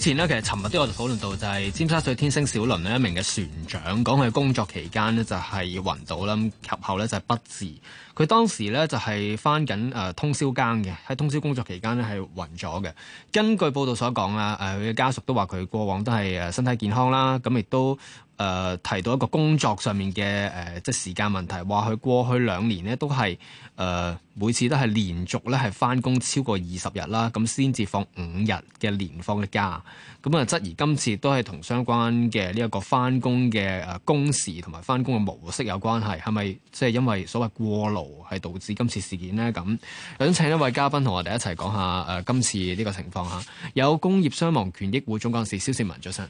之前咧，其實尋日啲我就討論到就係尖沙咀天星小輪咧一名嘅船長，講佢工作期間呢就係暈倒啦，及後呢就係不治。佢當時呢就係返緊誒通宵更嘅，喺通宵工作期間呢係暈咗嘅。根據報道所講啦，誒佢嘅家屬都話佢過往都係誒身體健康啦，咁亦都。誒、呃、提到一個工作上面嘅誒、呃，即係時間問題，話佢過去兩年呢都係誒、呃，每次都係連續咧係翻工超過二十日啦，咁先至放五日嘅年假。咁、嗯、啊質疑今次都係同相關嘅呢一個翻工嘅誒工時同埋翻工嘅模式有關係，係咪即係因為所謂過勞係導致今次事件呢？咁、嗯、想、嗯、請一位嘉賓同我哋一齊講下誒今次呢個情況嚇。有工業傷亡權益會總幹事蕭倩文早晨。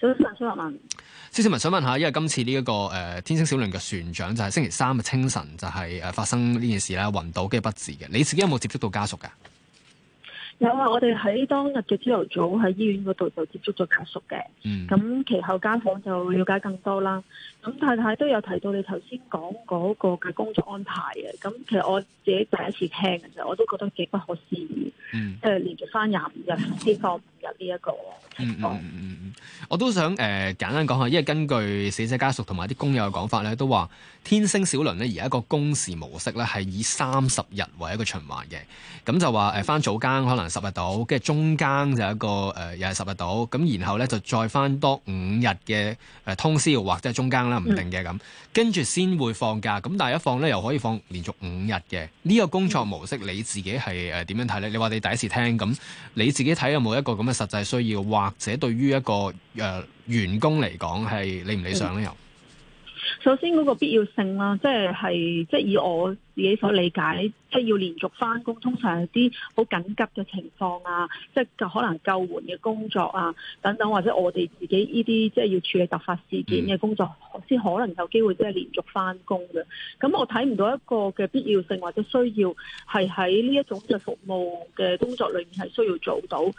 蕭倩文，想問下，因為今次呢、這、一個誒、呃、天星小輪嘅船長就係星期三嘅清晨就係誒發生呢件事咧暈倒跟住不治嘅，你自己有冇接觸到家屬噶？有啊，我哋喺當日嘅朝頭早喺醫院嗰度就接觸咗家屬嘅，咁、嗯、其後家訪就了解更多啦。咁太太都有提到你頭先講嗰個嘅工作安排嘅，咁其實我自己第一次聽嘅啫，我都覺得幾不可思議，即係、嗯、連續翻廿五日、先放五日呢一個情況。嗯嗯嗯嗯、我都想誒、呃、簡單講下，因為根據死者家屬同埋啲工友嘅講法咧，都話天星小輪呢，而家個工時模式咧係以三十日為一個循環嘅，咁就話誒翻早間可能，十日到，跟住中間就一個誒，又係十日到，咁然後呢，就再翻多五日嘅通宵或者中間啦，唔定嘅咁，跟住先會放假。咁但係一放呢，又可以放連續五日嘅呢個工作模式，你自己係誒點樣睇呢？你話你第一次聽，咁你自己睇有冇一個咁嘅實際需要，或者對於一個誒、呃呃、員工嚟講係理唔理想呢？又？首先嗰個必要性啦，即係係即係以我自己所理解，即係要連續翻工，通常係啲好緊急嘅情況啊，即係可能救援嘅工作啊，等等，或者我哋自己呢啲即係要處理突發事件嘅工作，先可能有機會即係連續翻工嘅。咁我睇唔到一個嘅必要性或者需要係喺呢一種嘅服務嘅工作裏面係需要做到誒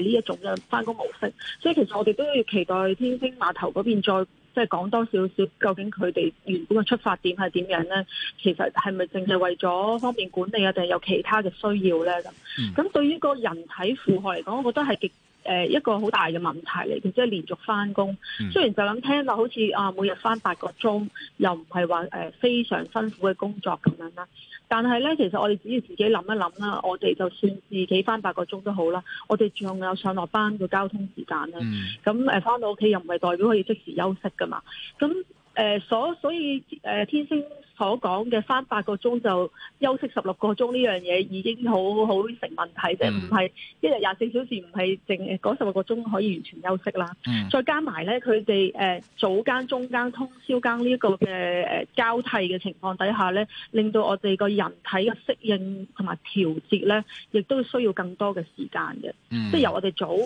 呢一種嘅翻工模式。所以其實我哋都要期待天星碼頭嗰邊再。即係講多少少，究竟佢哋原本嘅出發點係點樣咧？其實係咪淨係為咗方便管理啊？定係有其他嘅需要咧？咁咁、嗯、對於個人體負荷嚟講，我覺得係極誒一個好大嘅問題嚟嘅，即係連續翻工。雖然就諗聽落，好似啊每日翻八個鐘，又唔係話誒非常辛苦嘅工作咁樣啦。但係咧，其實我哋只要自己諗一諗啦，我哋就算自己翻八個鐘都好啦，我哋仲有上落班嘅交通時間啦。咁誒翻到屋企又唔係代表可以即時休息噶嘛。咁誒、呃、所所以誒、呃、天星所講嘅返八個鐘就休息十六個鐘呢樣嘢已經好好成問題，即係，唔係、mm. 一日廿四小時唔係淨嗰十六個鐘可以完全休息啦。Mm. 再加埋咧，佢哋誒早間、中間、通宵更呢、這、一個嘅誒、呃、交替嘅情況底下咧，令到我哋個人體嘅適應同埋調節咧，亦都需要更多嘅時間嘅。Mm. 即係由我哋早。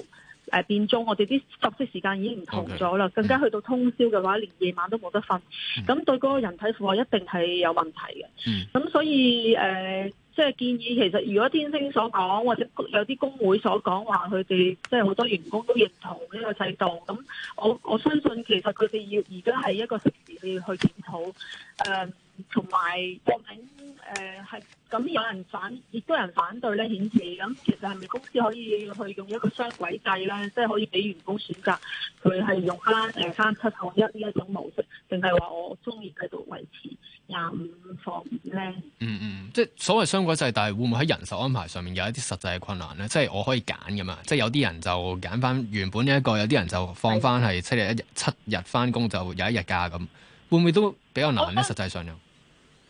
誒變鐘，我哋啲作息時間已經唔同咗啦，Okay. 更加去到通宵嘅話，連夜晚都冇得瞓，咁、mm. 對嗰個人體負荷一定係有問題嘅。咁、mm. 所以誒，即、呃、係、就是、建議，其實如果天星所講，或者有啲工會所講話，佢哋即係好多員工都認同呢個制度，咁我我相信其實佢哋要而家喺一個適時去去檢討誒。呃同埋作品誒係咁，有人反，亦都有人反對咧，顯示咁其實係咪公司可以去用一個雙軌制咧？即係可以俾員工選擇，佢係用翻誒翻七休一呢一種模式，定係話我中意繼續維持廿五放咧？嗯嗯，嗯，即係所謂雙軌制，但係會唔會喺人手安排上面有一啲實際嘅困難咧？即係我可以揀㗎嘛。即係有啲人就揀翻原本呢、這、一個，有啲人就放翻係七日一日，七日翻工就有一日假咁，會唔會都比較難咧？實際上又？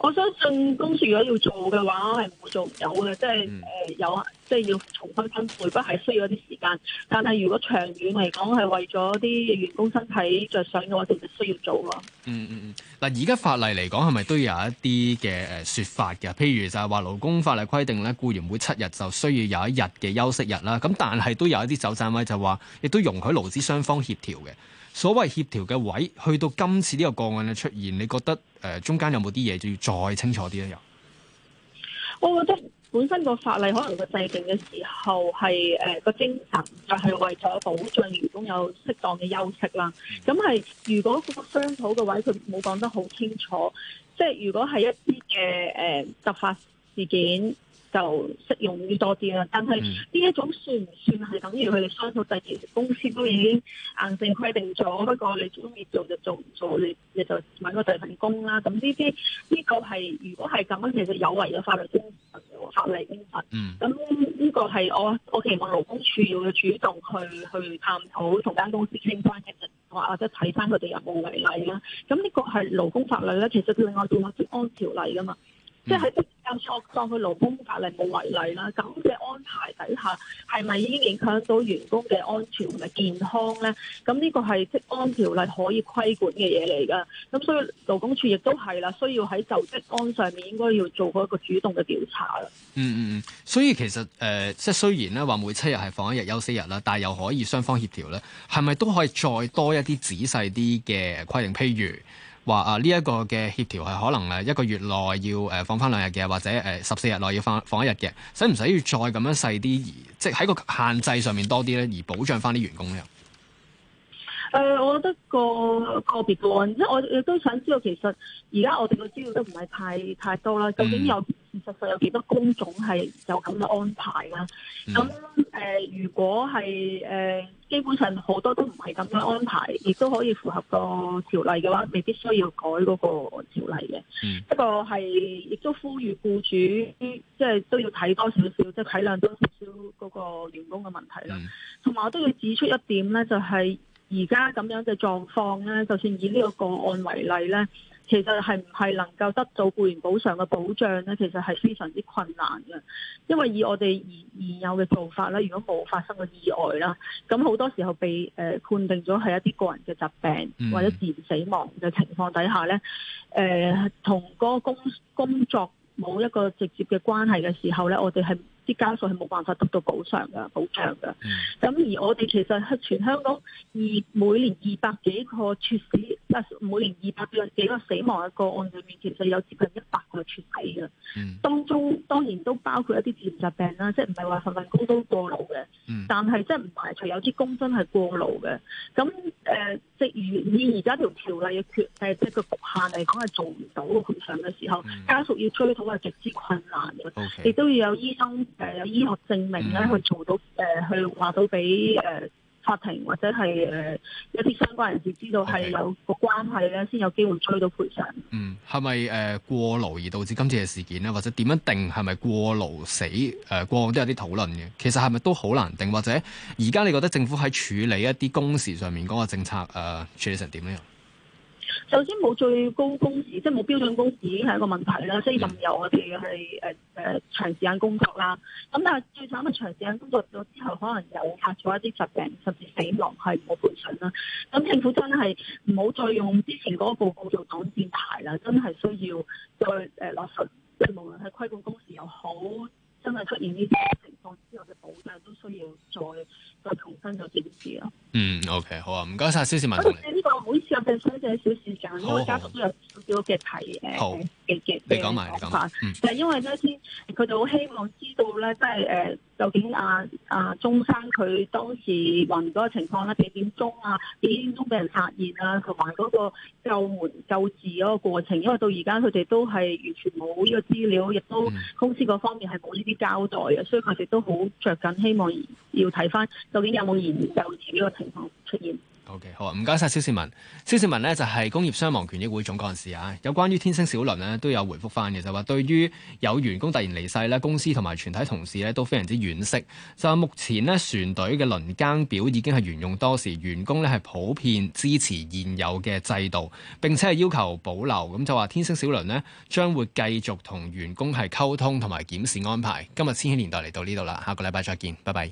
我相信公司如果要做嘅話，係冇做唔到嘅，即係誒、呃、有，即係要重新分、分配，不係需要一啲時間。但係如果長遠嚟講，係為咗啲員工身體着想嘅話，其實需要做咯、嗯。嗯嗯嗯，嗱，而家法例嚟講，係咪都有一啲嘅誒說法嘅？譬如就係話勞工法例規定咧，僱員每七日就需要有一日嘅休息日啦。咁但係都有一啲走盞位就話，亦都容許勞資雙方協調嘅。所謂協調嘅位，去到今次呢個個案嘅出現，你覺得誒、呃、中間有冇啲嘢就要再清楚啲咧？又，我覺得本身個法例可能個制定嘅時候係誒個精神就係為咗保障員工有適當嘅休息啦。咁係、嗯、如果個商討嘅位佢冇講得好清楚，即係如果係一啲嘅誒突發事件。就適用於多啲啦，但係呢一種算唔算係等於佢哋雙方制？其實公司都已經硬性規定咗，不過你中意做就做唔做，你你就揾個第二份工啦。咁呢啲呢個係如果係咁樣，其實有違咗法律法例精神。嗯，咁呢個係我我期望勞工處要去主動去去探討同間公司傾翻，一陣或者睇翻佢哋有冇違例啦。咁呢個係勞工法律咧，其實佢另外仲有職安條例噶嘛。即係喺有錯當佢勞工法例冇違例啦，咁嘅安排底下係咪已經影響到員工嘅安全同埋健康咧？咁呢個係職安條例可以規管嘅嘢嚟噶，咁所以勞工處亦都係啦，需要喺就職安上面應該要做過一個主動嘅調查啦。嗯嗯嗯，所以其實誒、呃，即係雖然咧話每七日係放一日休息日啦，但係又可以雙方協調咧，係咪都可以再多一啲仔細啲嘅規定？譬如。嗯嗯話啊呢一個嘅協調係可能誒一個月內要誒放翻兩日嘅，或者誒十四日內要放放一日嘅，使唔使要再咁樣細啲，即係喺個限制上面多啲咧，而保障翻啲員工咧？誒、呃，我覺得個個別個案，即係我亦都想知道，其實而家我哋嘅資料都唔係太太多啦。究竟有事實上有幾多工種係有咁嘅安排咧？咁誒、嗯呃，如果係誒。呃基本上好多都唔係咁樣安排，亦都可以符合個條例嘅話，未必需要改嗰個條例嘅。不過係，亦都呼籲僱主，即係都要睇多少少，即係體諒多少少嗰個員工嘅問題啦。同埋、嗯、我都要指出一點咧，就係而家咁樣嘅狀況咧，就算以呢個個案為例咧。其實係唔係能夠得到雇員補償嘅保障呢？其實係非常之困難嘅，因為以我哋現現有嘅做法呢，如果冇發生過意外啦，咁好多時候被誒、呃、判定咗係一啲個人嘅疾病或者自然死亡嘅情況底下呢，誒同嗰個工工作冇一個直接嘅關係嘅時候呢，我哋係。啲家屬係冇辦法得到補償噶，補償噶。咁而我哋其實全香港二每年二百幾個猝死，唔係每年二百幾個死亡嘅個案裏面，其實有接近一百個猝死噶。當中當然都包括一啲自然疾病啦，即係唔係話份份工都過勞嘅。但係即係唔排除有啲工真係過勞嘅。咁誒，即如以而家條條例嘅缺，誒即係個局限嚟講係做唔到嘅賠償嘅時候，家屬要追討係極之困難嘅，亦都要有醫生誒有醫學證明咧去做到誒去話到俾誒。法庭或者係誒一啲相關人士知道係有個關係咧，先有機會追到賠償。嗯，係咪誒過勞而導致今次嘅事件咧？或者點樣定係咪過勞死？誒、呃，過往都有啲討論嘅，其實係咪都好難定。或者而家你覺得政府喺處理一啲工時上面嗰個政策誒、呃、處理成點咧？首先冇最高工時，即係冇標準工時已經係一個問題啦。即係任由我哋去誒誒長時間工作啦。咁但係最慘嘅長時間工作咗之後，可能又發咗一啲疾病，甚至死亡係冇賠償啦。咁政府真係唔好再用之前嗰個報告做擋箭牌啦。真係需要再誒、呃、落實，即係無論係規管工時又好，真係出現呢啲情況之後嘅保障都需要再再重新做檢視。啦、嗯。嗯，OK，好啊，唔該晒，蕭倩文。都有少少嘅提誒嘅嘅講法，就係、嗯、因為咧先，佢就好希望知道咧，即係誒。呃究竟啊啊，鍾生佢當時暈嗰個情況啦幾點鐘啊？幾點鐘俾人發現啊？同埋嗰個救援救治嗰個過程，因為到而家佢哋都係完全冇呢個資料，亦都公司嗰方面係冇呢啲交代嘅，所以佢哋都好着緊希望要睇翻，究竟有冇研究自己個情況出現。OK，好啊，唔該晒蕭倩文。蕭倩文咧就係、是、工業傷亡權益會總幹事啊。有關於天星小輪咧，都有回覆翻嘅，就話對於有員工突然離世啦，公司同埋全體同事咧都非常之轉釋就目前呢，船隊嘅輪更表已經係沿用多時，員工呢係普遍支持現有嘅制度，並且係要求保留。咁就話、是、天星小輪呢將會繼續同員工係溝通同埋檢視安排。今日千禧年代嚟到呢度啦，下個禮拜再見，拜拜。